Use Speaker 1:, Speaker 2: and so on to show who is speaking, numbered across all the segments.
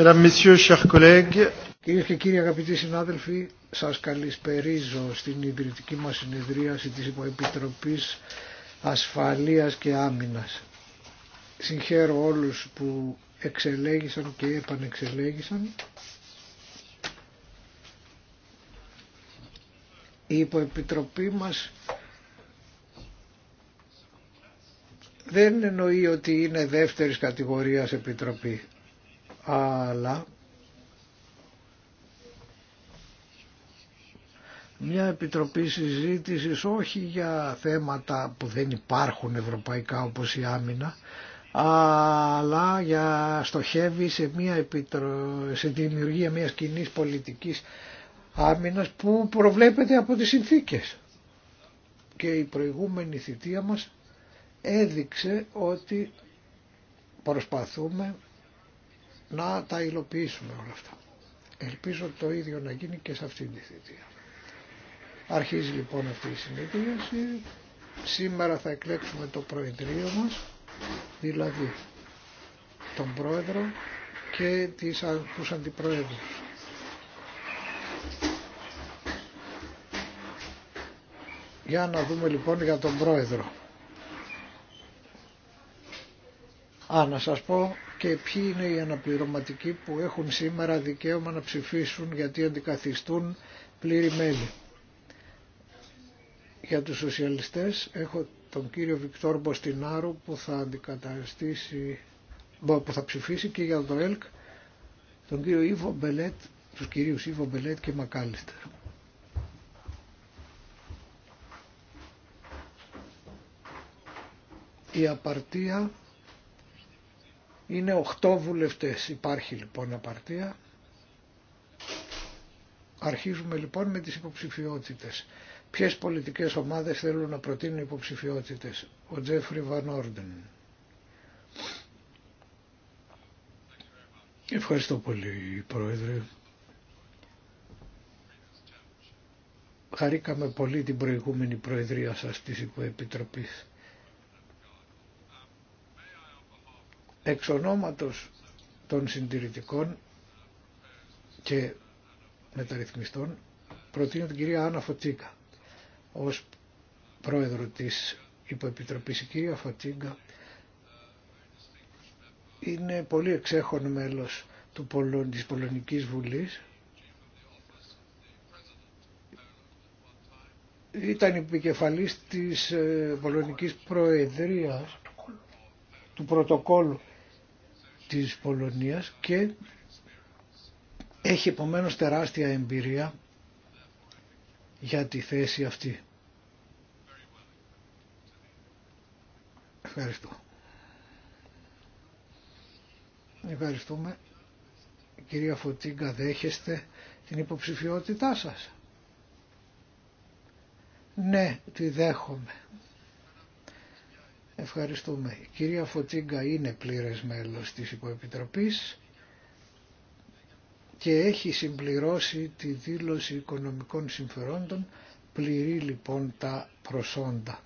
Speaker 1: Κύριε και κύριοι αγαπητοί συνάδελφοι, σα καλησπερίζω στην ιδρυτική μα συνεδρίαση τη Υποεπιτροπή Ασφαλεία και Άμυνα. Συγχαίρω όλους που εξελέγησαν και επανεξελέγησαν. Η Υποεπιτροπή μας δεν εννοεί ότι είναι δεύτερης κατηγορίας επιτροπή αλλά μια επιτροπή συζήτησης όχι για θέματα που δεν υπάρχουν ευρωπαϊκά όπως η άμυνα αλλά για στοχεύει σε, μια επιτρο... σε δημιουργία μιας κοινή πολιτικής άμυνας που προβλέπεται από τις συνθήκες. Και η προηγούμενη θητεία μας έδειξε ότι προσπαθούμε να τα υλοποιήσουμε όλα αυτά. Ελπίζω το ίδιο να γίνει και σε αυτή τη θητεία. Αρχίζει λοιπόν αυτή η συνεδρίαση. Σήμερα θα εκλέξουμε το προεδρείο μας, δηλαδή τον πρόεδρο και τις, τους αντιπροέδρους. Για να δούμε λοιπόν για τον πρόεδρο. Α, να σας πω και ποιοι είναι οι αναπληρωματικοί που έχουν σήμερα δικαίωμα να ψηφίσουν γιατί αντικαθιστούν πλήρη μέλη. Για τους σοσιαλιστές έχω τον κύριο Βικτόρ Μποστινάρου που θα αντικαταστήσει, που θα ψηφίσει και για το ΕΛΚ τον κύριο Ιβο Μπελέτ, τους κυρίους Ιβο Μπελέτ και Μακάλιστερ. Η απαρτία είναι 8 βουλευτές. Υπάρχει λοιπόν απαρτία. Αρχίζουμε λοιπόν με τις υποψηφιότητες. Ποιες πολιτικές ομάδες θέλουν να προτείνουν υποψηφιότητες. Ο Τζέφρι Βανόρντεν. Όρντεν. Ευχαριστώ πολύ Πρόεδρε. Χαρήκαμε πολύ την προηγούμενη Προεδρία σας της Υποεπιτροπής. Εξ των συντηρητικών και μεταρρυθμιστών προτείνω την κυρία Άννα Φωτσίγκα ως πρόεδρο της υποεπιτροπής. Η κυρία Φωτσίγκα είναι πολύ εξέχον μέλος του Πολων, της Πολωνικής Βουλής. Ήταν επικεφαλής της ε, Πολωνικής Προεδρίας του πρωτοκόλου της Πολωνίας και έχει επομένως τεράστια εμπειρία για τη θέση αυτή. Ευχαριστώ. Ευχαριστούμε. Κυρία Φωτίγκα, δέχεστε την υποψηφιότητά σας. Ναι, τη δέχομαι. Ευχαριστούμε. Η κυρία Φωτσίγκα είναι πλήρες μέλος της Υποεπιτροπής και έχει συμπληρώσει τη δήλωση οικονομικών συμφερόντων, πληρεί λοιπόν τα προσόντα.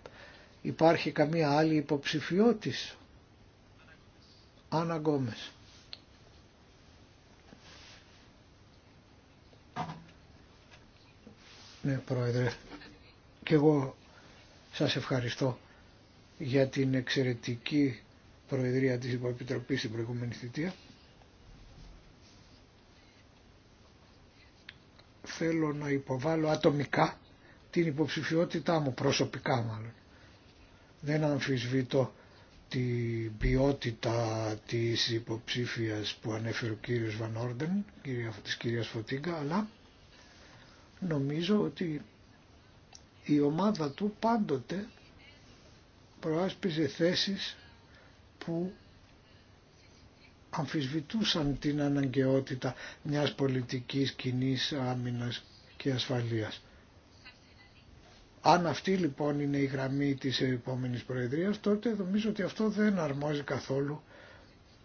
Speaker 1: Υπάρχει καμία άλλη υποψηφιότης. Άννα Γκόμες. Ναι, Πρόεδρε, και εγώ σας ευχαριστώ για την εξαιρετική προεδρία της Υποεπιτροπής στην προηγούμενη θητεία. Θέλω να υποβάλω ατομικά την υποψηφιότητά μου, προσωπικά μάλλον. Δεν αμφισβητώ την ποιότητα της υποψήφιας που ανέφερε ο κύριος Βαν Όρντεν, της κυρίας Φωτίγκα, αλλά νομίζω ότι η ομάδα του πάντοτε προάσπιζε θέσεις που αμφισβητούσαν την αναγκαιότητα μιας πολιτικής κοινή άμυνας και ασφαλείας. Αν αυτή λοιπόν είναι η γραμμή της επόμενης Προεδρίας, τότε νομίζω ότι αυτό δεν αρμόζει καθόλου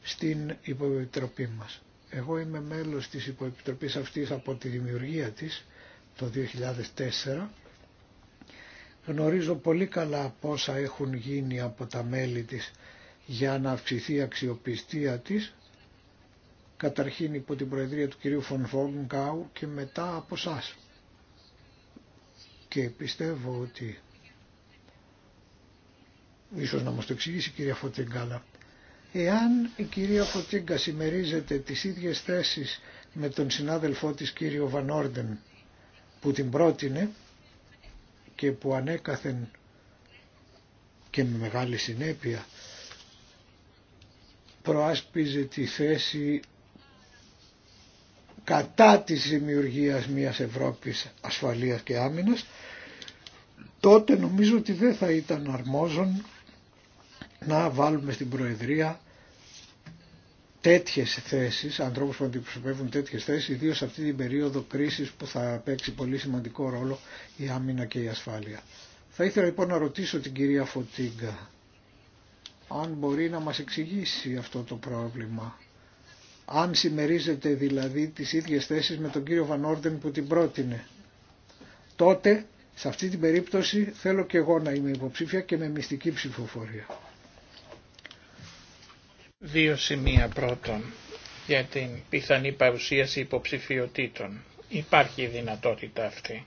Speaker 1: στην υποεπιτροπή μας. Εγώ είμαι μέλος της υποεπιτροπής αυτής από τη δημιουργία της το 2004 Γνωρίζω πολύ καλά πόσα έχουν γίνει από τα μέλη της για να αυξηθεί η αξιοπιστία της, καταρχήν υπό την προεδρία του κυρίου Φων Φόγκαου και μετά από εσά. Και πιστεύω ότι, ίσως να μας το εξηγήσει η κυρία Φωτεγκάλα, εάν η κυρία Φωτέγκα συμμερίζεται τις ίδιες θέσεις με τον συνάδελφό της κύριο Βανόρντεν που την πρότεινε, και που ανέκαθεν και με μεγάλη συνέπεια προάσπιζε τη θέση κατά της δημιουργίας μιας Ευρώπης ασφαλείας και άμυνας, τότε νομίζω ότι δεν θα ήταν αρμόζον να βάλουμε στην Προεδρία τέτοιες θέσεις, ανθρώπους που αντιπροσωπεύουν τέτοιες θέσεις, ιδίως σε αυτή την περίοδο κρίσης που θα παίξει πολύ σημαντικό ρόλο η άμυνα και η ασφάλεια. Θα ήθελα λοιπόν να ρωτήσω την κυρία Φωτίγκα αν μπορεί να μας εξηγήσει αυτό το πρόβλημα. Αν συμμερίζεται δηλαδή τις ίδιες θέσεις με τον κύριο Βανόρντεν που την πρότεινε. Τότε, σε αυτή την περίπτωση, θέλω και εγώ να είμαι υποψήφια και με μυστική
Speaker 2: ψηφοφορία. Δύο σημεία πρώτον για την πιθανή παρουσίαση υποψηφιωτήτων. Υπάρχει η δυνατότητα αυτή.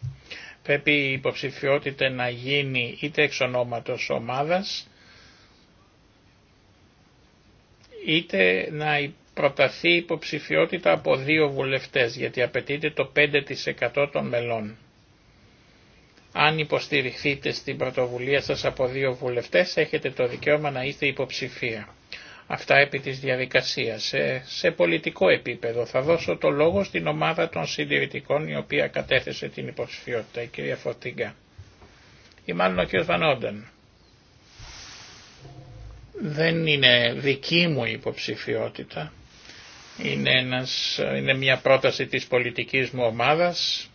Speaker 2: Πρέπει η υποψηφιότητα να γίνει είτε εξ ονόματος ομάδας, είτε να προταθεί υποψηφιότητα από δύο βουλευτές, γιατί απαιτείται το 5% των μελών. Αν υποστηριχθείτε στην πρωτοβουλία σας από δύο βουλευτές, έχετε το δικαίωμα να είστε υποψηφία. Αυτά επί της διαδικασίας. Σε, πολιτικό επίπεδο θα δώσω το λόγο στην ομάδα των συντηρητικών η οποία κατέθεσε την υποψηφιότητα, η κυρία Φορτιγκά Ή μάλλον ο κύριος Βανόντεν. Δεν είναι δική μου υποψηφιότητα. Είναι, είναι μια πρόταση της πολιτικής μου ομάδας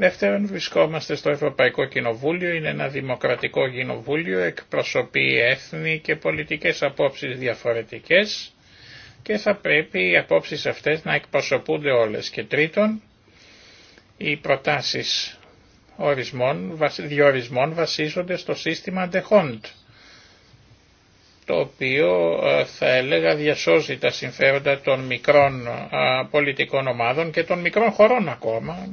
Speaker 2: Δεύτερον, βρισκόμαστε στο Ευρωπαϊκό Κοινοβούλιο, είναι ένα δημοκρατικό κοινοβούλιο, εκπροσωπεί έθνη και πολιτικές απόψεις διαφορετικές και θα πρέπει οι απόψεις αυτές να εκπροσωπούνται όλες. Και τρίτον, οι προτάσεις ορισμών, διορισμών βασίζονται στο σύστημα αντεχόντ, το οποίο ε, θα έλεγα διασώζει τα συμφέροντα των μικρών ε, πολιτικών ομάδων και των μικρών χωρών ακόμα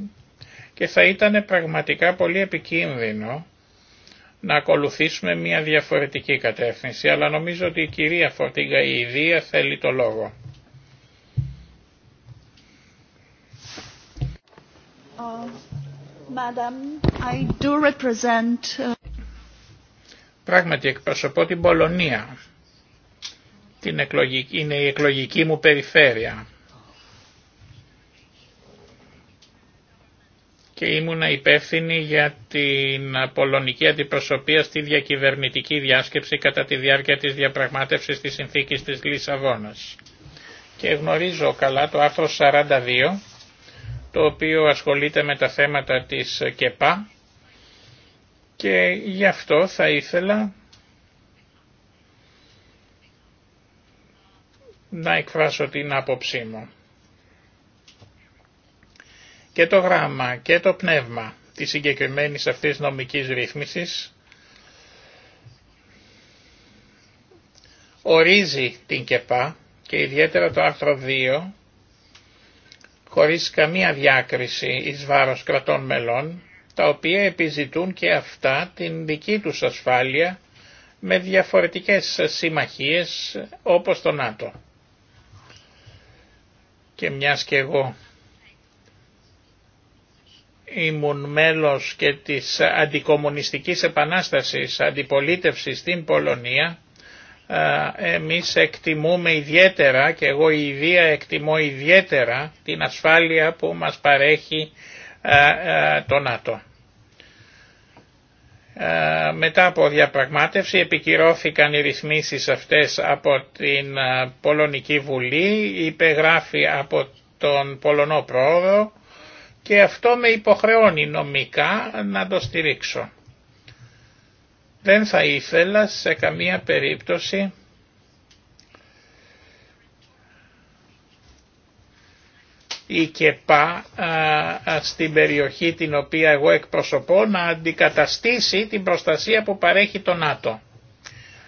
Speaker 2: και θα ήταν πραγματικά πολύ επικίνδυνο να ακολουθήσουμε μια διαφορετική κατεύθυνση, αλλά νομίζω ότι η κυρία Φορτίγκα η Ιδία θέλει το λόγο.
Speaker 3: Uh, I do represent... Uh,
Speaker 2: Πράγματι εκπροσωπώ την Πολωνία. Την εκλογική, είναι η εκλογική μου περιφέρεια. και ήμουνα υπεύθυνη για την πολωνική αντιπροσωπεία στη διακυβερνητική διάσκεψη κατά τη διάρκεια της διαπραγμάτευσης της συνθήκης της Λισαβόνας. Και γνωρίζω καλά το άρθρο 42, το οποίο ασχολείται με τα θέματα της ΚΕΠΑ και γι' αυτό θα ήθελα να εκφράσω την άποψή μου και το γράμμα και το πνεύμα της συγκεκριμένης αυτής νομικής ρύθμισης ορίζει την ΚΕΠΑ και ιδιαίτερα το άρθρο 2 χωρίς καμία διάκριση εις βάρος κρατών μελών, τα οποία επιζητούν και αυτά την δική τους ασφάλεια με διαφορετικές συμμαχίες όπως το ΝΑΤΟ. Και μιας και εγώ ήμουν μέλος και της αντικομουνιστικής επανάστασης αντιπολίτευσης στην Πολωνία εμείς εκτιμούμε ιδιαίτερα και εγώ η Ιδία εκτιμώ ιδιαίτερα την ασφάλεια που μας παρέχει το ΝΑΤΟ. Μετά από διαπραγμάτευση επικυρώθηκαν οι ρυθμίσεις αυτές από την Πολωνική Βουλή, υπεγράφει από τον Πολωνό Πρόοδο και αυτό με υποχρεώνει νομικά να το στηρίξω. Δεν θα ήθελα σε καμία περίπτωση η ΚΕΠΑ στην περιοχή την οποία εγώ εκπροσωπώ να αντικαταστήσει την προστασία που παρέχει το ΝΑΤΟ.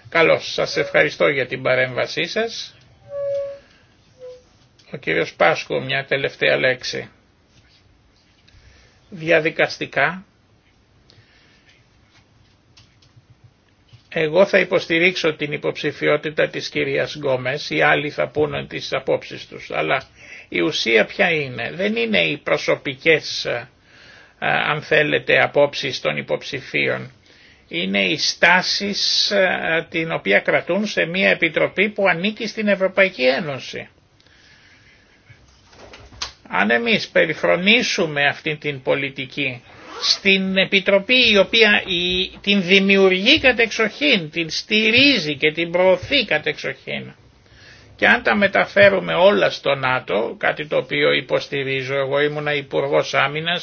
Speaker 2: Καλώς, σας ευχαριστώ για την παρέμβασή σας. Ο κύριος Πάσκου μια τελευταία λέξη διαδικαστικά Εγώ θα υποστηρίξω την υποψηφιότητα της κυρίας Γκόμες, οι άλλοι θα πούνε τις απόψεις τους, αλλά η ουσία ποια είναι. Δεν είναι οι προσωπικές, ε, αν θέλετε, απόψεις των υποψηφίων. Είναι οι στάσεις ε, την οποία κρατούν σε μια επιτροπή που ανήκει στην Ευρωπαϊκή Ένωση. Αν εμείς περιφρονήσουμε αυτή την πολιτική στην Επιτροπή η οποία η, την δημιουργεί κατεξοχήν, την στηρίζει και την προωθεί κατεξοχήν. Και αν τα μεταφέρουμε όλα στο ΝΑΤΟ, κάτι το οποίο υποστηρίζω, εγώ ήμουνα υπουργό Άμυνα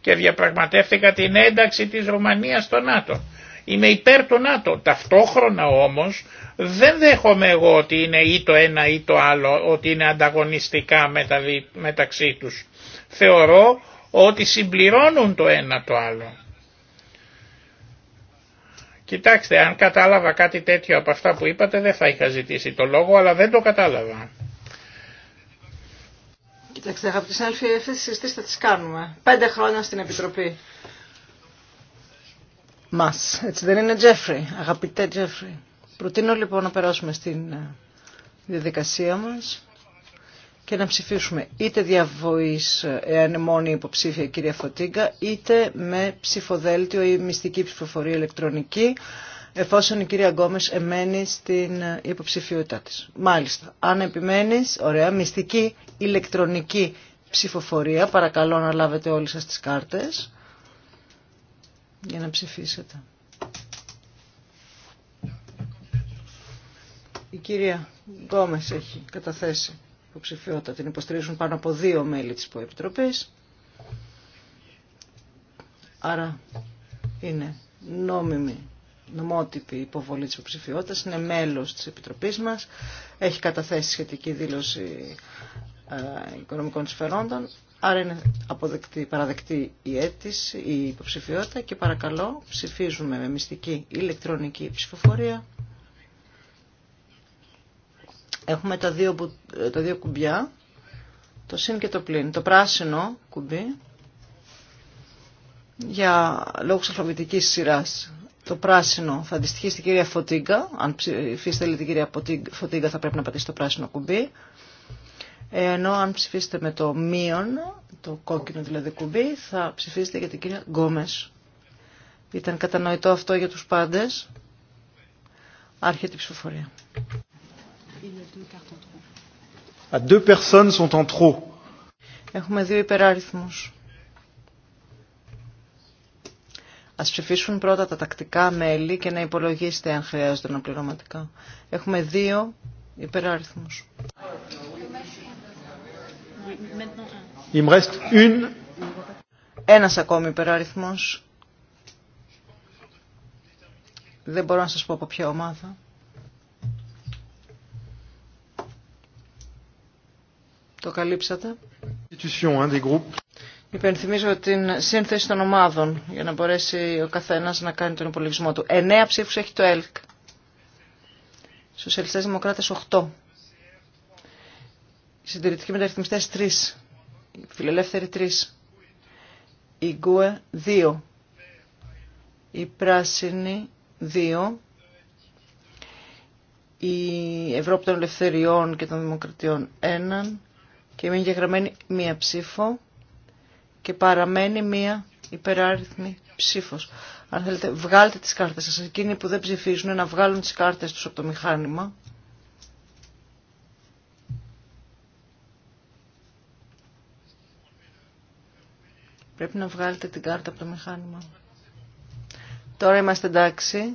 Speaker 2: και διαπραγματεύτηκα την ένταξη της Ρουμανίας στο ΝΑΤΟ. Είμαι υπέρ του ΝΑΤΟ. Ταυτόχρονα όμως δεν δέχομαι εγώ ότι είναι ή το ένα ή το άλλο, ότι είναι ανταγωνιστικά μεταξύ τους. Θεωρώ ότι συμπληρώνουν το ένα το άλλο. Κοιτάξτε, αν κατάλαβα κάτι τέτοιο από αυτά που είπατε δεν θα είχα ζητήσει το λόγο, αλλά δεν το κατάλαβα.
Speaker 4: Κοιτάξτε, αγαπητοί συνάδελφοι, αυτές τις θα τις κάνουμε. Πέντε χρόνια στην Επιτροπή μας. Έτσι δεν είναι, Τζέφρι, αγαπητέ Τζέφρι. Προτείνω λοιπόν να περάσουμε στην ε, διαδικασία μας και να ψηφίσουμε είτε διαβοής, ε, εάν είναι μόνη υποψήφια η κυρία Φωτίγκα, είτε με ψηφοδέλτιο ή μυστική ψηφοφορία ηλεκτρονική, εφόσον η κυρία Γκόμες εμένει στην ε, υποψηφιότητά της. Μάλιστα, αν επιμένεις, ωραία, μυστική ηλεκτρονική ψηφοφορία, παρακαλώ να λάβετε όλοι σας τις κάρτες για να ψηφίσετε. Η κυρία Γκόμες έχει καταθέσει υποψηφιότητα. Την υποστηρίζουν πάνω από δύο μέλη της Υποεπιτροπής. Άρα είναι νόμιμη, νομότυπη υποβολή της υποψηφιότητας. Είναι μέλος της Επιτροπής μας. Έχει καταθέσει σχετική δήλωση ε, οικονομικών συμφερόντων, Άρα είναι αποδεκτή, παραδεκτή η αίτηση, η υποψηφιότητα και παρακαλώ ψηφίζουμε με μυστική ηλεκτρονική ψηφοφορία. Έχουμε τα δύο, τα δύο κουμπιά, το συν και το πλήν. Το πράσινο κουμπί για λόγους αλφαβητικής σειράς. Το πράσινο θα αντιστοιχεί στην κυρία Φωτίγκα. Αν ψηφίσετε την κυρία Φωτίγκα θα πρέπει να πατήσει το πράσινο κουμπί ενώ αν ψηφίσετε με το μείον, το κόκκινο δηλαδή κουμπί, θα ψηφίσετε για την κυρία Γκόμες. Ήταν κατανοητό αυτό για τους πάντες. Άρχεται η ψηφοφορία. Έχουμε δύο υπεράριθμους. Ας ψηφίσουν πρώτα τα τακτικά μέλη και να υπολογίσετε αν χρειάζονται να πληρωματικά. Έχουμε δύο υπεράριθμους. Il me reste ακόμη υπεράριθμό. Δεν μπορώ να σα πω από ποια ομάδα. Το καλύψατε. Υπενθυμίζω την σύνθεση των ομάδων για να μπορέσει ο καθένας να κάνει τον υπολογισμό του. Εννέα ψήφους έχει το ΕΛΚ. Σοσιαλιστές Δημοκράτες 8 συντηρητικοί μεταρρυθμιστέ 3, φιλελεύθεροι 3, η Γκουε 2, η Πράσινη 2, η Ευρώπη των Ελευθεριών και των Δημοκρατιών 1 και μείνει γεγραμμένη μία ψήφο και παραμένει μία υπεράριθμη ψήφος. Αν θέλετε βγάλτε τις κάρτες σας. Εκείνοι που δεν ψηφίζουν να βγάλουν τις κάρτες του από το μηχάνημα. Πρέπει να βγάλετε την κάρτα από το μηχάνημα. Τώρα είμαστε εντάξει.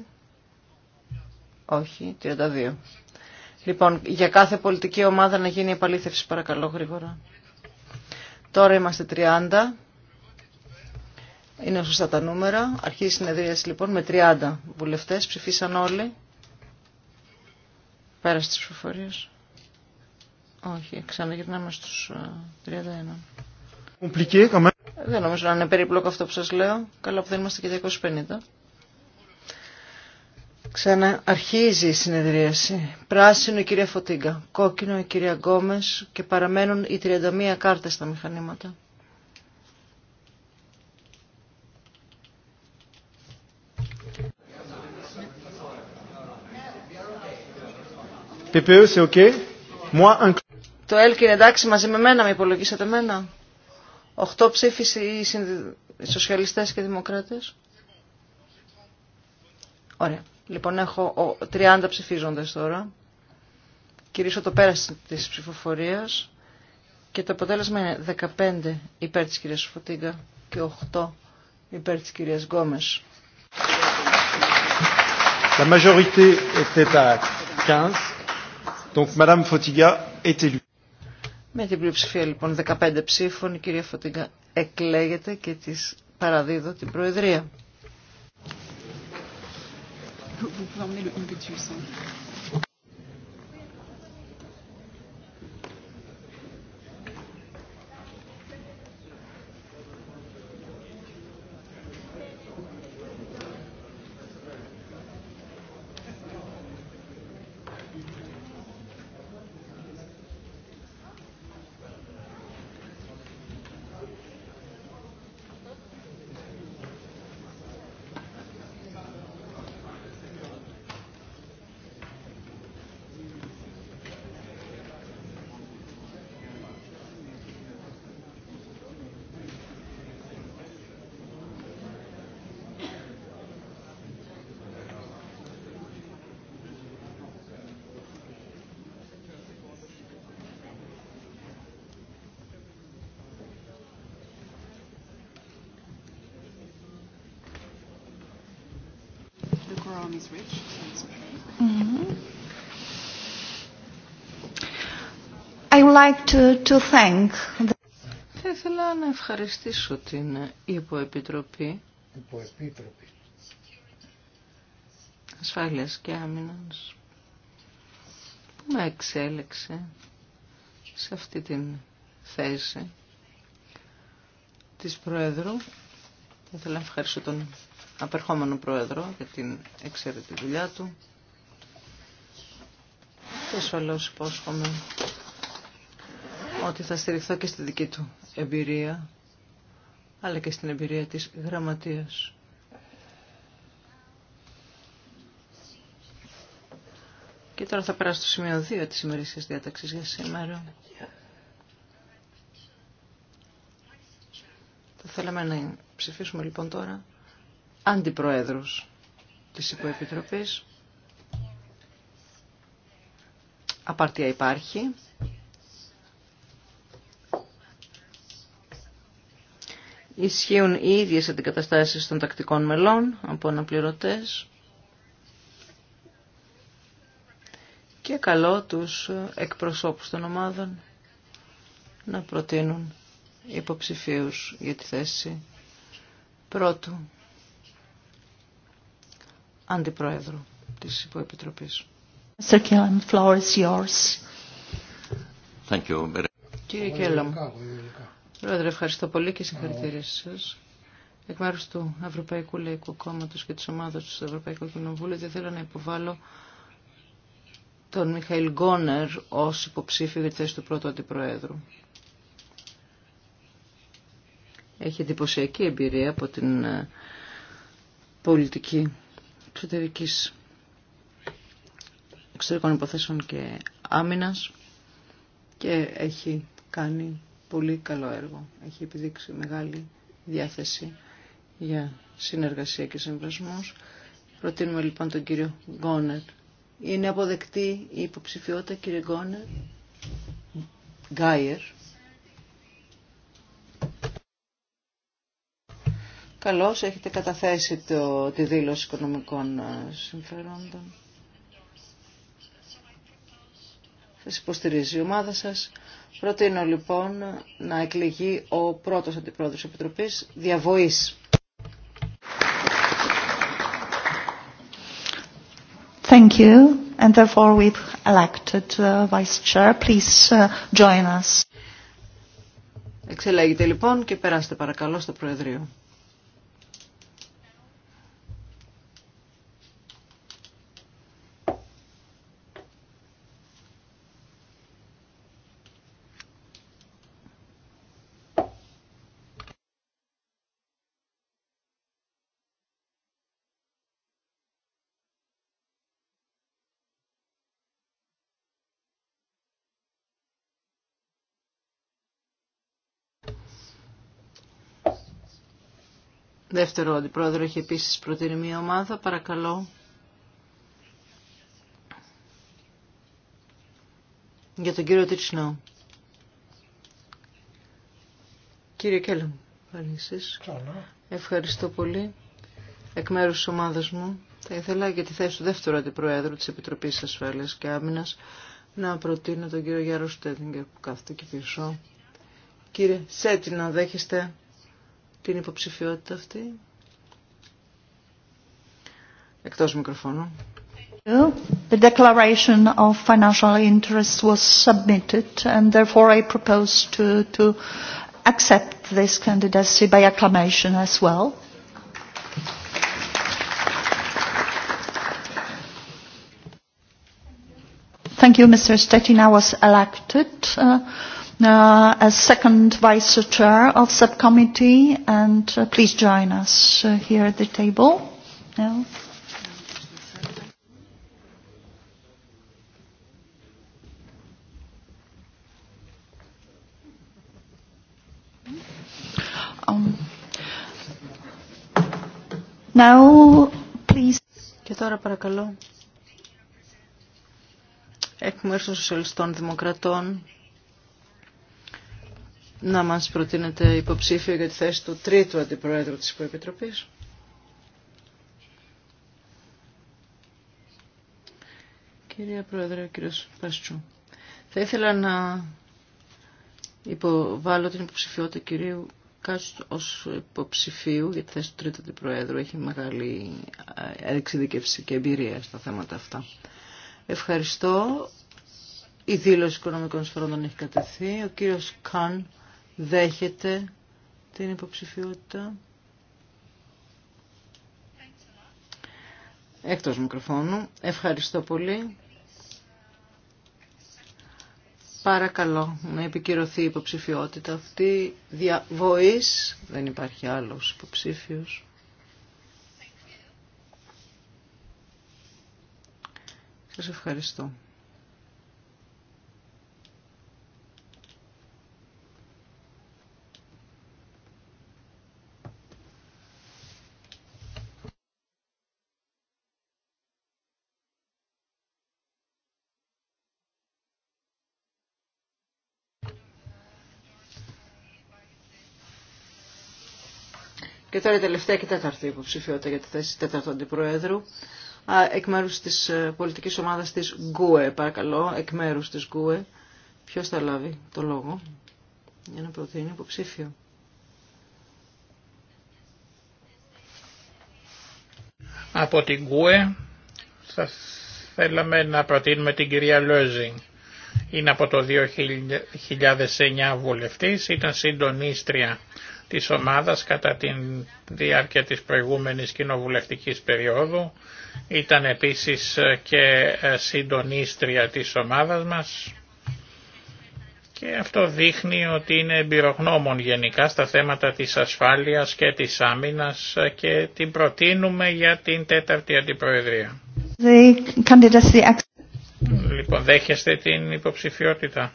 Speaker 4: Όχι, 32. Λοιπόν, για κάθε πολιτική ομάδα να γίνει η επαλήθευση, παρακαλώ, γρήγορα. Τώρα είμαστε 30. Είναι σωστά τα νούμερα. Αρχή η συνεδρίαση λοιπόν με 30 βουλευτές. Ψηφίσαν όλοι. Πέρα στις ψηφοφορίες. Όχι, ξαναγυρνάμε στους 31. Ε, δεν νομίζω να είναι περίπλοκο αυτό που σας λέω. Καλά που δεν είμαστε και 250. Ξανά αρχίζει η συνεδρίαση. Πράσινο η κυρία Φωτίγκα, κόκκινο η κυρία Γκόμες και παραμένουν οι 31 κάρτες στα μηχανήματα.
Speaker 1: E,
Speaker 4: Το έλκει είναι εντάξει μαζί με μένα, με υπολογίσατε μένα. Οχτώ ψήφισε οι σοσιαλιστές και δημοκράτες. Ωραία. Λοιπόν, έχω 30 ψηφίζοντες τώρα. Κυρίσω το πέρας της ψηφοφορίας και το αποτέλεσμα είναι 15 υπέρ της κυρίας Φωτίγκα και 8 υπέρ της κυρίας Γκόμες.
Speaker 1: La majorité était à 15, donc Madame Fotiga est élue.
Speaker 4: Με την πλειοψηφία λοιπόν 15 ψήφων η κυρία Φωτίνκα εκλέγεται και της παραδίδω την Προεδρία.
Speaker 3: Mm-hmm. I would like to, thank
Speaker 4: Θα ήθελα να ευχαριστήσω την Υποεπιτροπή.
Speaker 1: Υποεπίτροπη.
Speaker 4: Ασφάλειας και άμυνας που με εξέλεξε σε αυτή την θέση της Πρόεδρου. Θα ήθελα να ευχαριστήσω τον απερχόμενο πρόεδρο για την εξαιρετική δουλειά του και ασφαλώς υπόσχομαι ότι θα στηριχθώ και στη δική του εμπειρία αλλά και στην εμπειρία της γραμματείας. Και τώρα θα περάσω στο σημείο 2 της ημερήσιας διάταξης για σήμερα. Θα θέλαμε να ψηφίσουμε λοιπόν τώρα αντιπροέδρους της Υποεπιτροπής. Απαρτία υπάρχει. Ισχύουν οι ίδιες αντικαταστάσεις των τακτικών μελών από αναπληρωτές. Και καλό τους εκπροσώπους των ομάδων να προτείνουν υποψηφίους για τη θέση πρώτου Αντιπρόεδρου της Υποεπιτροπής. Κύριε Κέλλαμ, Πρόεδρε, ευχαριστώ πολύ και συγχαρητήρια σας. Εκ μέρου του Ευρωπαϊκού Λαϊκού Κόμματος και της ομάδας του Ευρωπαϊκού Ευρωπαϊκό δεν θέλω να υποβάλω τον Μιχαήλ Γκόνερ ως υποψήφιο για τη θέση του πρώτου αντιπροέδρου. Έχει εντυπωσιακή εμπειρία από την ε, πολιτική εξωτερικής εξωτερικών υποθέσεων και άμυνας και έχει κάνει πολύ καλό έργο. Έχει επιδείξει μεγάλη διάθεση για συνεργασία και συμβασμούς. Προτείνουμε λοιπόν τον κύριο Γκόνερ. Είναι αποδεκτή η υποψηφιότητα κύριε Γκόνερ. Γκάιερ. Καλώς έχετε καταθέσει το, τη δήλωση οικονομικών ε, συμφερόντων. Σας υποστηρίζει η ομάδα σας. Προτείνω λοιπόν να εκλεγεί ο πρώτος αντιπρόεδρος της Επιτροπής διαβοής.
Speaker 3: Thank you. And therefore uh, Vice Chair. Please uh, join us.
Speaker 4: Εξελέγετε λοιπόν και περάστε παρακαλώ στο Προεδρείο. Δεύτερο αντιπρόεδρο έχει επίσης προτείνει μία ομάδα. Παρακαλώ. Για τον κύριο Τιτσινό. Κύριε Κέλλεμ, Ευχαριστώ πολύ. Εκ μέρους της ομάδας μου θα ήθελα για τη θέση του δεύτερου αντιπροέδρου της Επιτροπής Ασφάλειας και Άμυνας να προτείνω τον κύριο Γιάννου Στέντιγκερ που κάθεται εκεί πίσω. Κύριε Σέτινα, δέχεστε την υποψηφιότητα αυτή. Εκτός μικροφώνου.
Speaker 3: The declaration of financial interest was submitted and therefore I propose to, to accept this candidacy by acclamation as well. Thank you, Mr. Stettin. I was elected as second vice chair of subcommittee and please join us here at the table. Now, please. Και
Speaker 4: τώρα παρακαλώ. Εκ μέρους των Σοσιαλιστών Δημοκρατών, να μας προτείνετε υποψήφιο για τη θέση του τρίτου αντιπροέδρου της Υποεπιτροπής. Κυρία Πρόεδρε, ο κύριος Παστσού. Θα ήθελα να υποβάλω την υποψηφιότητα κυρίου Κάτσου ως υποψηφίου για τη θέση του τρίτου αντιπροέδρου. Έχει μεγάλη ε, εξειδικεύση και εμπειρία στα θέματα αυτά. Ευχαριστώ. Η δήλωση οικονομικών σφαίρων έχει κατευθεί. Ο κύριος Καν δέχεται την υποψηφιότητα. Έκτος μικροφώνου. Ευχαριστώ πολύ. Παρακαλώ να επικυρωθεί η υποψηφιότητα αυτή. Δια δεν υπάρχει άλλος υποψήφιος. Σας ευχαριστώ. Και τώρα η τελευταία και τέταρτη υποψηφιότητα για τη θέση τέταρτου αντιπροέδρου εκ μέρου τη ε, πολιτική ομάδα τη ΓΚΟΕ. Παρακαλώ, εκ μέρου τη ΓΚΟΕ, ποιο θα λάβει το λόγο για να προτείνει υποψήφιο.
Speaker 2: Από την ΚΟΕ θα θέλαμε να προτείνουμε την κυρία Λόζινγκ. Είναι από το 2009 βουλευτής, ήταν συντονίστρια της ομάδας κατά τη διάρκεια της προηγούμενης κοινοβουλευτικής περίοδου. Ήταν επίσης και ε, συντονίστρια της ομάδας μας και αυτό δείχνει ότι είναι εμπειρογνώμων γενικά στα θέματα της ασφάλειας και της άμυνας και την προτείνουμε για την τέταρτη αντιπροεδρία. Λοιπόν, δέχεστε την υποψηφιότητα.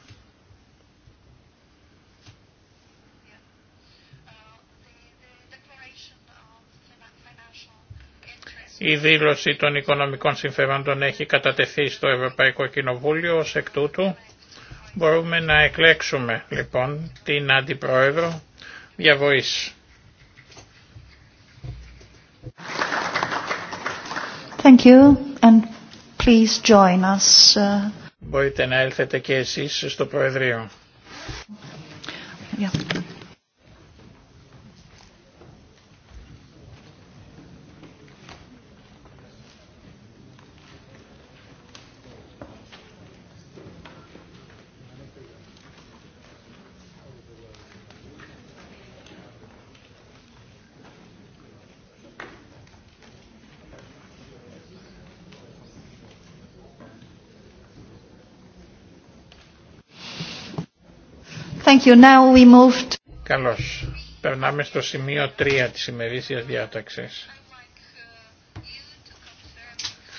Speaker 2: Η δήλωση των οικονομικών συμφερόντων έχει κατατεθεί στο Ευρωπαϊκό Κοινοβούλιο ως εκ τούτου. Μπορούμε να εκλέξουμε λοιπόν την Αντιπρόεδρο διαβοής.
Speaker 3: Thank you and please join uh,
Speaker 2: Μπορείτε να έλθετε και εσείς στο Προεδρείο.
Speaker 3: Thank you. Now we
Speaker 2: Καλώς. Περνάμε στο σημείο 3 της ημερήσιας διάταξης.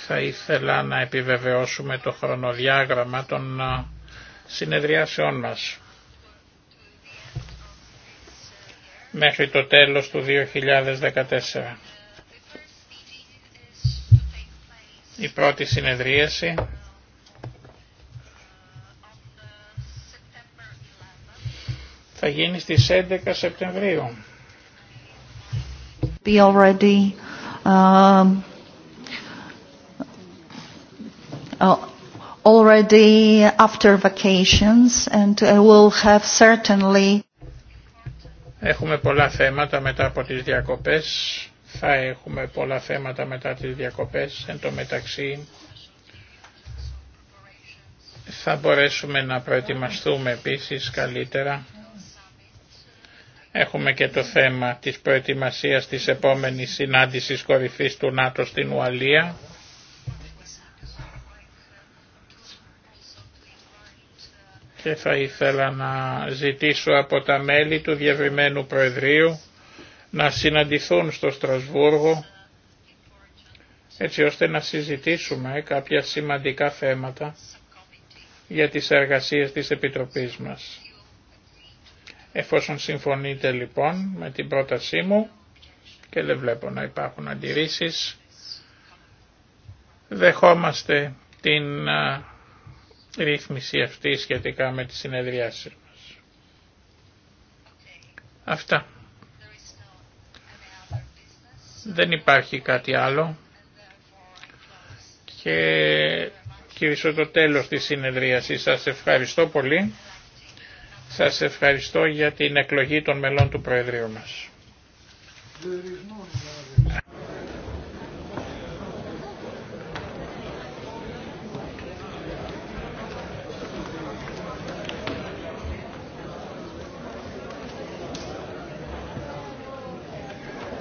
Speaker 2: Θα ήθελα να επιβεβαιώσουμε το χρονοδιάγραμμα των συνεδριάσεών μας. Μέχρι το τέλος του 2014. Η πρώτη συνεδρίαση θα γίνει στις 11 Σεπτεμβρίου.
Speaker 3: already, um, uh, already after vacations and have certainly
Speaker 2: Έχουμε πολλά θέματα μετά από τις διακοπές. Θα έχουμε πολλά θέματα μετά τις διακοπές. Εν τω μεταξύ θα μπορέσουμε να προετοιμαστούμε επίσης καλύτερα Έχουμε και το θέμα της προετοιμασίας της επόμενης συνάντησης κορυφής του ΝΑΤΟ στην Ουαλία. Και θα ήθελα να ζητήσω από τα μέλη του Διευρυμένου Προεδρείου να συναντηθούν στο Στρασβούργο έτσι ώστε να συζητήσουμε κάποια σημαντικά θέματα για τις εργασίες της Επιτροπής μας. Εφόσον συμφωνείτε λοιπόν με την πρότασή μου και δεν βλέπω να υπάρχουν αντιρρήσεις, δεχόμαστε την ρύθμιση αυτή σχετικά με τη συνεδριάση μας. Αυτά. Δεν υπάρχει κάτι άλλο και κυρίσω το τέλος της συνεδρίασης. Σας ευχαριστώ πολύ. Σας ευχαριστώ για την εκλογή των μελών του Προεδρείου μας.